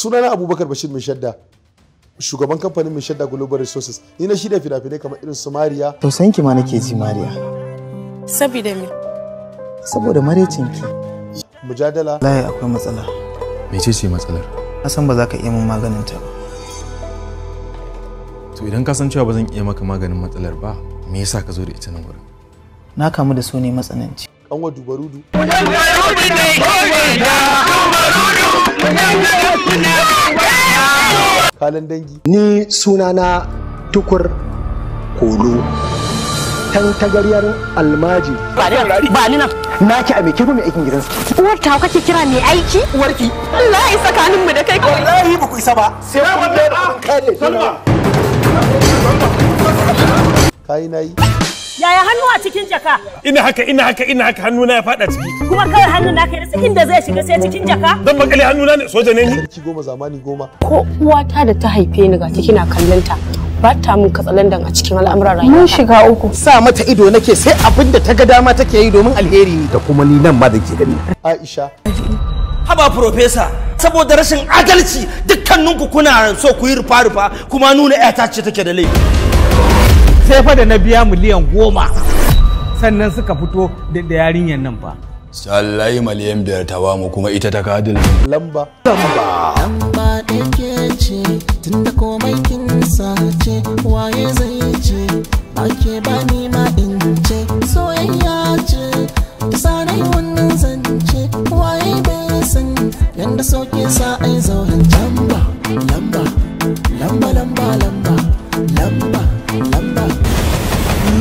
sunana abubakar bashir mai shadda shugaban kamfanin mai shadda global resources ni na shirya fina-finai kamar irin su mariya to san ki ma nake ji mariya saboda me saboda marecin ki mujadala layi akwai matsala mece ce matsalar na san ba za ka iya min maganin ta ba to idan ka san cewa ba zan iya maka maganin matsalar ba me yasa ka zo da ita nan gurin na kamu da so ne matsananci kanwa dubarudu halin dangi ni sunana tukur kolo tan tagaryar almaji ba ni nan na ki a me kefa mai aikin su. uwar ta kake kira mai aiki uwarki Allah ya tsakanin mu da kai wallahi ba ku isa ba sai kun da ah. kun kare kai nayi Yaya hannu a cikin jaka? Ina haka ina haka ina haka hannu na ya fada ciki. Kuma kawai hannun da rasa inda zai shiga sai cikin jaka? Dan bakali hannu na ne soja ne ni. Ki goma zamani goma. Ko uwata da ta haife ni ga kina kallon ta. Ba ta mun katsalandan a cikin al'amuran rayuwa. Mun shiga uku. Sa mata ido nake sai abin da ta ga dama take yi domin alheri ne. Da kuma ni nan ma da ke gani. Aisha. Haba Profesa, saboda rashin adalci dukkaninku kuna so ku yi rufa-rufa kuma nuna 'yata ce take da laifi. sai fa da na biya miliyan goma sannan suka fito da yarinyar nan fa sallai miliyan biyar ta ba mu kuma ita ta kadin. lamba lamba lamba da ke ce tun da komai kin sace waye zai ce ke ba ni ma in ce soyayya ce ta sarai wannan zance waye bai san yanda sauke sa ai zauren lamba lamba lamba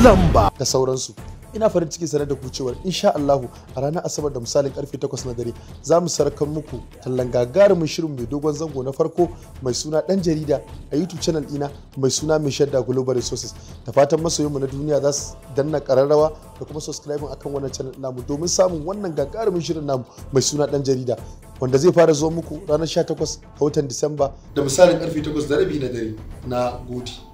lamba da sauransu ina farin ciki sanar da ku cewa insha Allahu a ranar Asabar da misalin karfe 8 na dare za mu sarkar muku tallan gagarumin shirin mai dogon zango na farko mai suna dan jarida a YouTube channel ina mai suna mai shadda Global Resources da fatan mu na duniya za su danna kararrawa da kuma subscribing akan wannan channel namu domin samun wannan gagarumin shirin namu mai suna dan jarida wanda zai fara zuwa muku ranar 18 ga watan Disamba da misalin karfe 8 da rabi na dare na gode